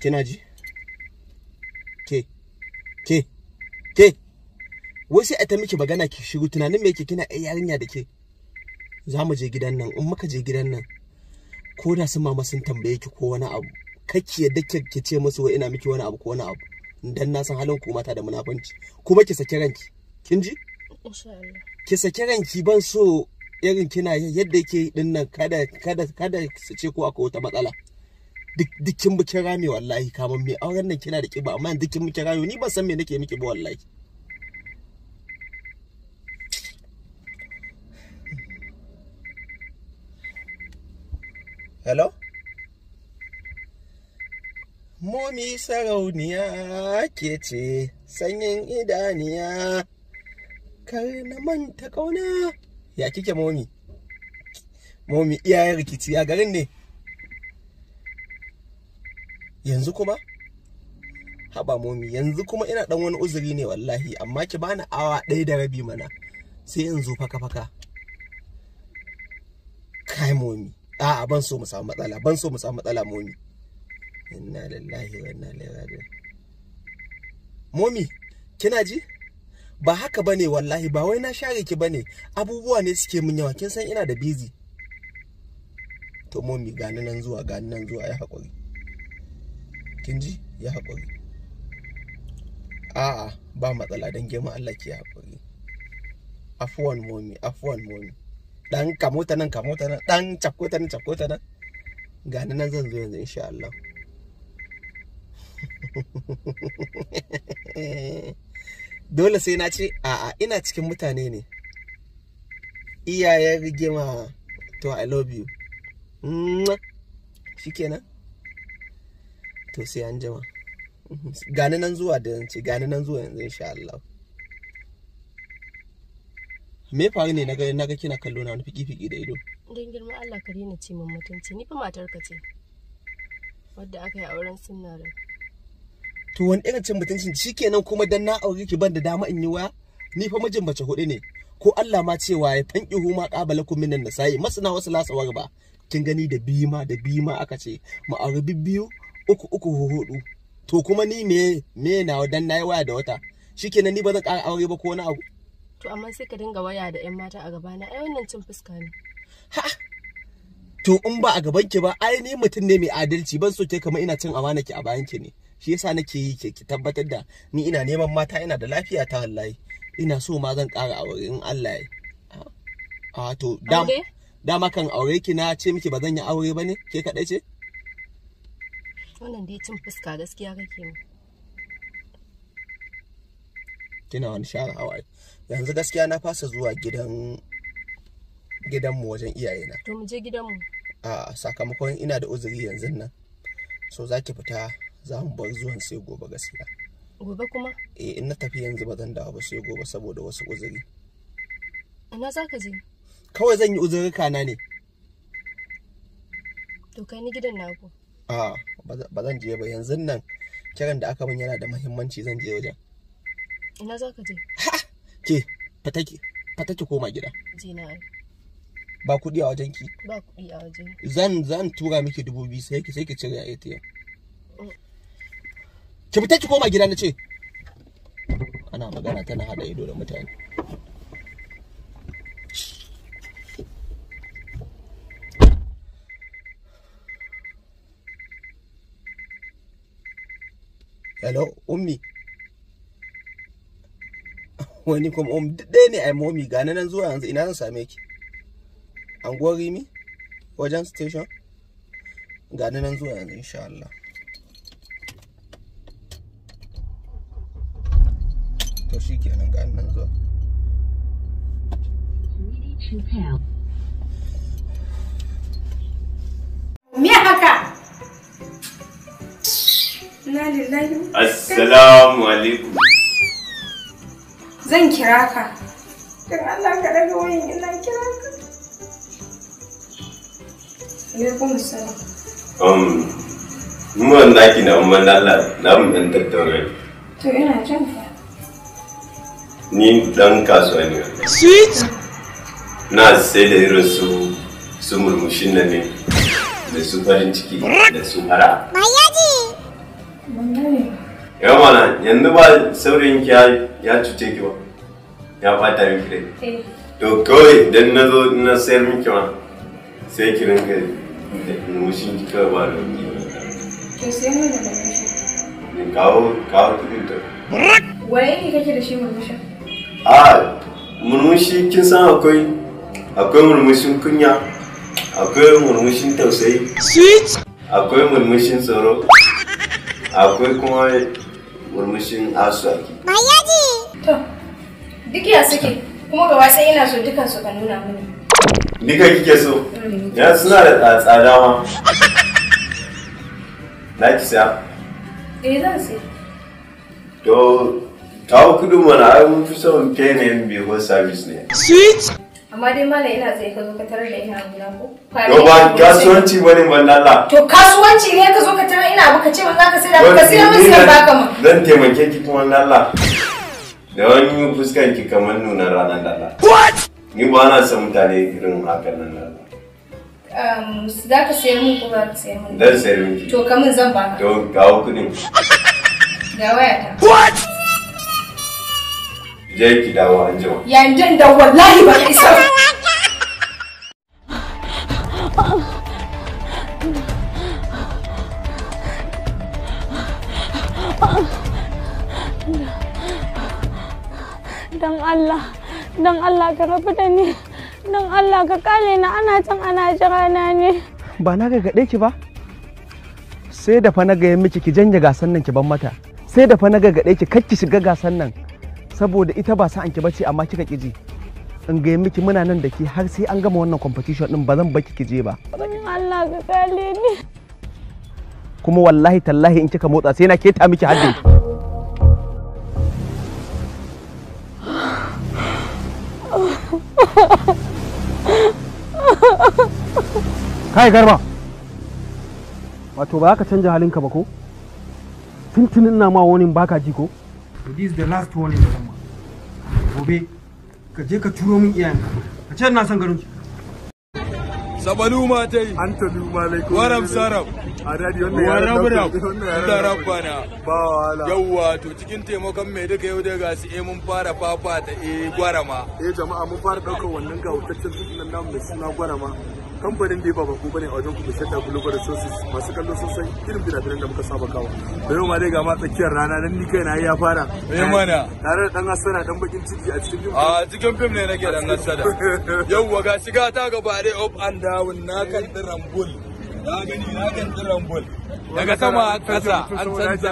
kina ji ke ke ke wai sai a ta miki magana ki shigo tunanin me yake kina ai yarinya da ke za mu je gidan nan in muka je gidan nan ko da su mama sun tambaye ki ko wani abu kake yadda ki ce musu wai ina miki wani abu ko wani abu dan na san halin ku mata da munafanci kuma ki saki ranki kin ji ki saki ranki ban so irin kina yadda yake din nan kada kada kada su ce ko akwai wata matsala duk kin bi rame wallahi kaman me auren nan kina da kiba amma yanzu kin muke kin rame ni ban san me nake miki ba wallahi hello momi sarauniya ke ce sanyin idaniya kar na manta kauna ya kike momi momi iyayen rikici a garin ne yanzu kuma haba momi yanzu kuma ina dan wani uzuri ne wallahi amma ki bani awa ɗaya da rabi mana sai in zo faka faka kai momi a'a ban so mu samu matsala ban so mu samu matsala momi inna lillahi wa inna ilaihi raji'un momi kina ji ba haka bane wallahi ba wai na share ki bane abubuwa ne suke min yawa kin san ina da busy to momi gani nan zuwa gani nan zuwa ya haƙuri kin ji ya haƙuri a'a ba matsala don girman Allah ke haƙuri afuwan momi afuwan momi dan kamota nan kamota nan dan cakota nan cakota nan ga nan zan zo yanzu insha Allah dole sai na ce a'a ina cikin mutane ne iyayen rigima to i love you shikenan to sai an jima gani nan zuwa da zance gani nan zuwa yanzu insha Allah me faru ne naga naga kina kallo na wani fiki fiki da ido dan girma Allah kare ni ce min mutunci ni fa matar ka ce wanda aka yi auren sunna da to wani irin cin mutunci shikenan kuma dan na aure ki banda da dama in yi waya ni fa mijin bace hudu ne ko Allah ma cewa ya tanki huma qabalakum minan nasai masna wasu lasawar ba kin gani da bima da bima aka ce ma aure biyu. uku uku hudu to kuma ni me me na dan nayi waya da wata shikenan ni ba zan ƙara aure ba ko wani abu to amma sai ka dinga waya da yan mata a gaba na ai wannan cin fuska ne ha to in ba a gaban ki ba ai ni mutum ne mai adalci ban so ke kamar ina cin amana ki a bayan ki ne shi yasa nake yi ke ki tabbatar da ni ina neman mata ina da lafiya ta wallahi ina so ma zan ƙara aure in Allah ya a ah, to dama kan aure ki na ce miki ba zan yi aure ba ne ke kaɗai ce wannan dai cin fuska gaskiya kake mu kina wani shara hawaye yanzu gaskiya na fasa zuwa gidan gidanmu wajen iyayena to mu je gidanmu a sakamakon ina da uzuri yanzu nan so za ki fita za mu bar zuwan sai gobe gaskiya gobe kuma eh in na tafi yanzu ba zan dawo ba sai gobe saboda wasu uzuri ina za ka je kawai zan yi uzurika na ne to kai ni gidan naku a ba zan je ba yanzu nan kiran da aka min yana da muhimmanci zan je wajen ina za ka je ha ke fata ki fata ki koma gida je na ba kuɗi a wajen ki ba kudi a wajen zan zan tura miki dubu biyu sai ki sai ki cire a ATM mm. ki fita ki koma gida na ce ana magana tana hada ido da mutane hello ummi wani kuma um ɗaya ne ai momi ga nan zuwa yanzu ina zan same ki anguwar rimi wajen station ga nan zuwa yanzu insha Allah to shikenan ga nan zuwa Na Assalamu alaikum. Zan kira ka. Dan Allah ka daga wayan ina kira ka. Alaikum assalam. Um, mu wannan daki na umman Allah na mu dan tattauna. To ina jin ka. Ni dan kasuwa ne. Sweet. Na sai da irin su su murmushin nan ne da su farin ciki da su hara. Baya. Yawa mana yanzu ba saurayin ki ya cuce ki ba. Ya bata miki rai. Eh. To kawai dan na zo na sayar miki ma sai ki rinka da mushin ki kawai ba da ki. To sai mun da mushin. Ni kawo kawo kudin ta. Waye ne kake da shi murmushin? A murmushi kin san akwai akwai murmushin kunya akwai murmushin tausayi. Sweet. Akwai murmushin tsoro. akwai kuma murmushin asuwaki. ji. To, duk ya suke, kuma gaba sai ina so dukan su ka nuna mini. Duka kike so? Mm. Ya suna da tsada ma. Na ki siya? Eh zan sai. To, ta kudu mana ai mun fi son pay ne mai service ne. Switch. amma dai malam ina zai ka zo ka tarar da ina abu na ko ba kasuwanci ne wannan Allah to kasuwanci ne ka zo ka tarar ina abu ka ce za ka sai da ka sai mun sai baka mun zan taimake ki kuma wannan Allah da wani fuskar ki kamar nuna ranar Allah ni ba na san mutane irin hakan nan Allah um za ka sayar mun ko za ka sayar mun dan sayar mun to kamun zan baka to kawo kuɗin. ga wayata what je ki wa an jima yanzu da wallahi ba isa dan Allah dan Allah ka rabu da ni dan Allah ka kale na ana can ana jira na ne ba na ga ki ba sai da fa na gaya miki ki janye gasan nan ki ban mata sai da fa na gagade ki kar ki shiga gasan nan saboda ita ba sa'an ki bace amma kika kiji in ga miki muna nan da ki har sai an gama wannan competition din ba zan baki kije ba Allah ka kale ni kuma wallahi tallahi in kika motsa sai na keta miki hadde kai garba wato ba ka canja halinka ba ko tuntunin na ma wani baka ji ko to this is the last warning da zama gobe ka je ka turo min iyayenka ka ce na san garin su sabalu matai an ta duma laiku warab sarab warab rab da rabbana ba wala yawa to cikin taimakon mai duka yau da gasi eh mun fara fafa ta eh gwarama eh jama'a mun fara daukar wannan gautaccen sunan namu mai suna gwarama kamfanin da ba kuma ne a wajen kuma shata da sosis masu kallo sosai irin birabiran da muka saba kawo da yau ma dai ga ma tsakiyar rana nan ni kai na ya fara eh mana tare da dan hasana dan bakin ciki a cikin film a cikin film ne nake dan Yau wa ga shiga ta gaba dai up and down na kan dirambul na gani na kan dirambul daga sama kasa an canza